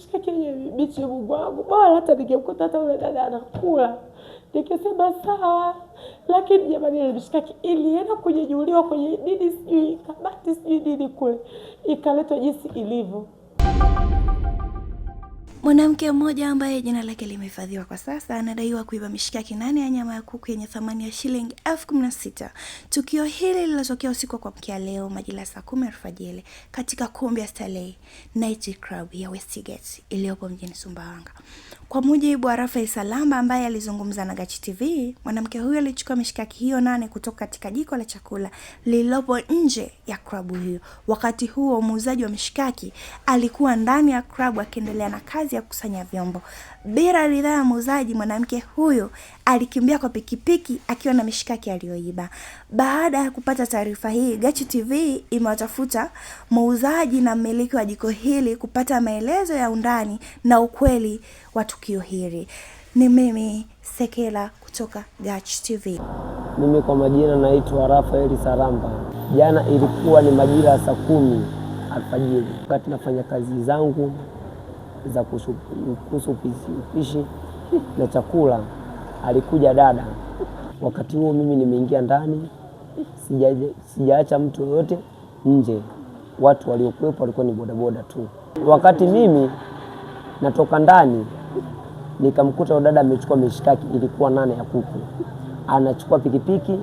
shike bichi, Mungu wangu, bora hata ningemkuta hata yule dada anakula nikisema sawa, lakini jamani, ile mishikaki ilienda kujejuliwa kwenye nini, sijui kabati, sijui nini kule, ikaletwa jinsi ilivyo. Mwanamke mmoja ambaye jina lake limehifadhiwa kwa sasa anadaiwa kuiba mishikaki nane ya nyama ya kuku yenye thamani ya shilingi elfu kumi na sita. Tukio hili lilitokea usiku wa kuamkia leo majira ya saa kumi alfajiri katika kumbi ya Starley Night Club ya Westgate iliyopo mjini Sumbawanga. Kwa mujibu wa Raphael Salamba ambaye alizungumza na Gachi TV, mwanamke huyo alichukua mishikaki hiyo nane kutoka katika jiko la chakula lililopo nje ya klabu hiyo. Wakati huo muuzaji wa mishikaki alikuwa ndani ya klabu akiendelea na kazi ya kukusanya vyombo. Bila ridhaa ya muuzaji, mwanamke huyo alikimbia kwa pikipiki akiwa na mishikaki aliyoiba. Baada ya kupata taarifa hii, Gachi TV imewatafuta muuzaji na mmiliki wa jiko hili kupata maelezo ya undani na ukweli wa tukio hili. Ni mimi Sekela kutoka Gach TV. Mimi kwa majina naitwa Rafaeli Saramba. Jana ilikuwa ni majira ya saa kumi alfajiri, wakati nafanya kazi zangu za kuhusu upishi na chakula, alikuja dada. Wakati huo mimi nimeingia ndani, sijaacha mtu yoyote nje. Watu waliokuwepo walikuwa ni bodaboda tu. Wakati mimi natoka ndani nikamkuta yule dada amechukua mishikaki ilikuwa nane ya kuku, anachukua pikipiki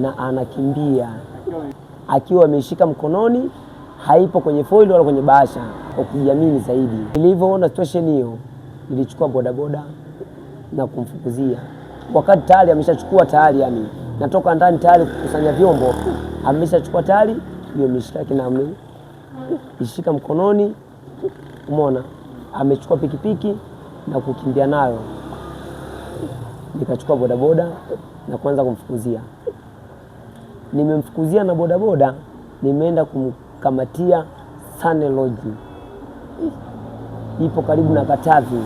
na anakimbia akiwa ameshika mkononi, haipo kwenye foil wala kwenye bahasha, kwa kujiamini zaidi. Nilivyoona situation hiyo, nilichukua bodaboda na kumfukuzia, wakati tayari ameshachukua tayari, yani natoka ndani tayari kukusanya vyombo, ameshachukua tayari hiyo mishikaki na ameshika mkononi, umeona, amechukua pikipiki na kukimbia nayo, nikachukua bodaboda na kuanza kumfukuzia. Nimemfukuzia na bodaboda, nimeenda kumkamatia Sane Lodge, ipo karibu na Katavi,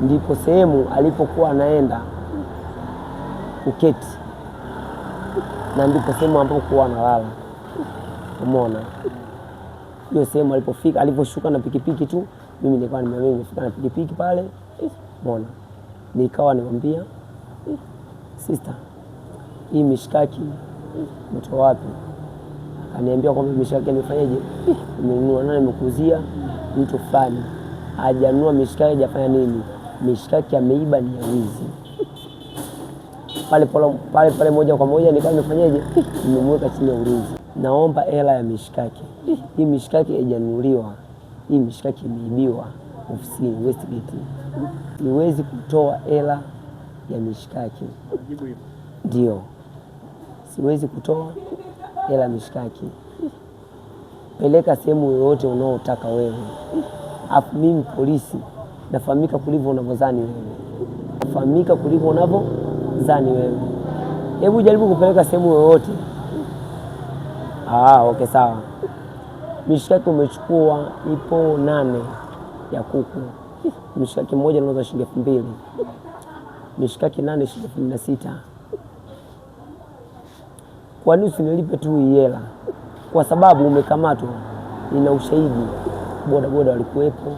ndipo sehemu alipokuwa anaenda kuketi na ndipo sehemu ambapo kuwa analala. Umeona? hiyo sehemu alipofika, alivoshuka na pikipiki tu, mimi nilikuwa nimefika na pikipiki pale. Mbona eh, nikawa nimwambia eh, sister, hii mishkaki eh, mto wapi? Akaniambia kwamba mishkaki amefanyaje, nimenunua na nimekuzia mtu fulani, hajanunua mishkaki, hajafanya nini, mishkaki ameiba, ni ya wizi. Pale pale moja kwa moja nikaa nimefanyaje, nimemweka chini ya ulinzi naomba hela ya mishikaki. Hii mishikaki haijanunuliwa, hii mishikaki imeibiwa ofisini Westgate, niwezi kutoa hela ya mishikaki. Ndio, siwezi kutoa hela mishikaki. Peleka sehemu yoyote unaotaka wewe, afu mimi polisi nafahamika kulivyo unavyozani wewe, nafahamika kulivyo unavyozani wewe. Hebu jaribu kupeleka sehemu yoyote Ah, okay sawa. Mishikaki umechukua ipo nane ya kuku, mishikaki mmoja nauza shilingi elfu mbili mishikaki nane shilingi elfu kumi na sita Kwa nini usinilipe tu hii hela? Kwa sababu umekamatwa, ina ushahidi, bodaboda walikuwepo.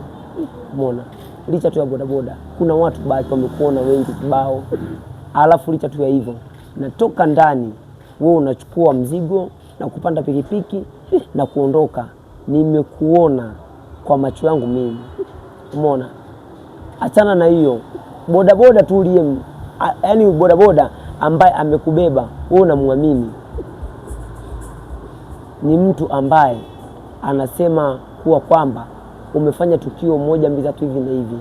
Umeona, licha tu ya bodaboda kuna watu baki wamekuona wengi kibao, alafu licha tu ya hivyo natoka ndani, wewe unachukua mzigo na kupanda pikipiki na kuondoka. Nimekuona kwa macho yangu mimi, umeona. Achana na hiyo bodaboda tu uliye, yaani bodaboda ambaye amekubeba wewe unamwamini, ni mtu ambaye anasema kuwa kwamba umefanya tukio moja mbili tatu hivi na hivi,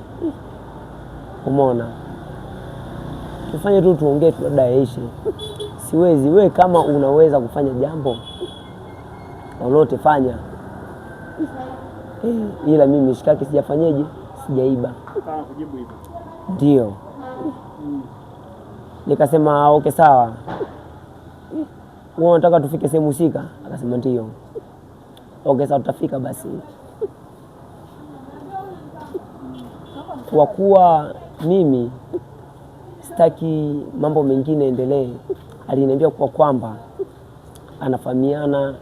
umeona. Tufanye tu tuongee tu, labda Aisha siwezi. We kama unaweza kufanya jambo lolote fanya, eh, ila mimi mishikaki sijafanyeje, sijaiba. Ndio nikasema oke, okay, sawa. Wewe unataka tufike sehemu husika? Akasema ndio. Okay, sawa, tutafika basi. Kwa kuwa mimi sitaki mambo mengine endelee aliniambia kwa kwamba anafahamiana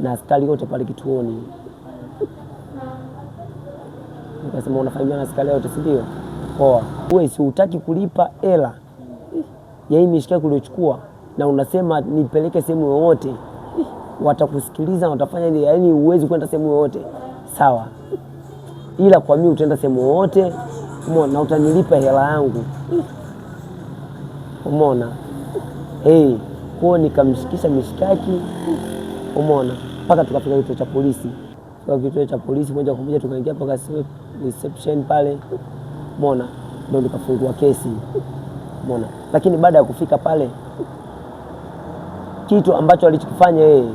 na askari yote pale kituoni. Nikasema unafahamiana na askari yote, si ndio? Poa. Wewe si utaki kulipa hela ya hii mishikaki uliochukua na unasema nipeleke sehemu yoyote, watakusikiliza na watafanya nini? yaani uwezi kwenda sehemu yoyote, sawa, ila kwa mimi utaenda sehemu yoyote, umeona, na utanilipa hela yangu, umeona hey, kwao nikamshikisha mishikaki, umeona, mpaka tukafika kituo cha polisi. Kwa kituo cha polisi moja kwa moja tukaingia mpaka reception pale, umeona, ndio nikafungua kesi, umeona. Lakini baada ya kufika pale, kitu ambacho alichokifanya yeye,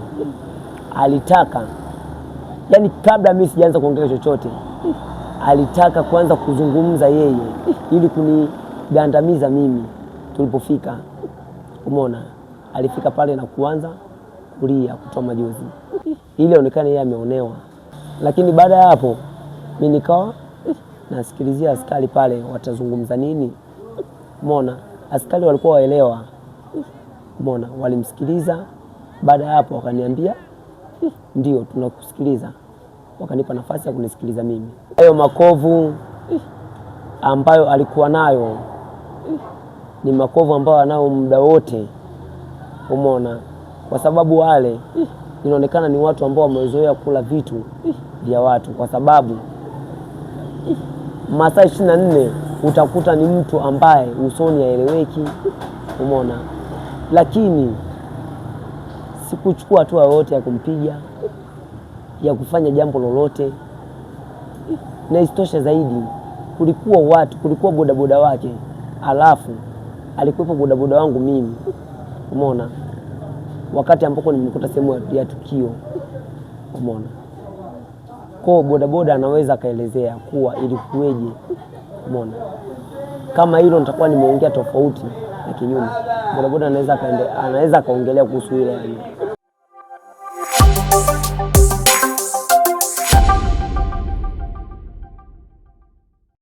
alitaka yani, kabla mimi sijaanza kuongea chochote, alitaka kwanza kuzungumza yeye ili kunigandamiza mimi tulipofika Umeona, alifika pale na kuanza kulia kutoa majozi ili aonekane yeye ameonewa. Lakini baada ya hapo mimi nikawa eh, nasikilizia askari pale watazungumza nini. Umeona, askari walikuwa waelewa. Umeona, walimsikiliza. Baada ya hapo wakaniambia eh, ndio tunakusikiliza, wakanipa nafasi ya kunisikiliza mimi. Hayo makovu eh, ambayo alikuwa nayo ni makovu ambayo anao muda wote, umeona, kwa sababu wale inaonekana ni watu ambao wamezoea kula vitu vya watu, kwa sababu masaa ishirini na nne utakuta ni mtu ambaye usoni haeleweki, umeona. Lakini sikuchukua hatua yoyote ya kumpiga ya kufanya jambo lolote, na isitoshe zaidi kulikuwa watu, kulikuwa bodaboda wake alafu alikuwepo bodaboda wangu mimi, umeona, wakati ambapo nimekuta sehemu ya tukio, umeona. Kwa bodaboda anaweza akaelezea kuwa ilikuweje, umeona. Kama hilo nitakuwa nimeongea tofauti na kinyume, bodaboda anaweza akaongelea kuhusu hilo.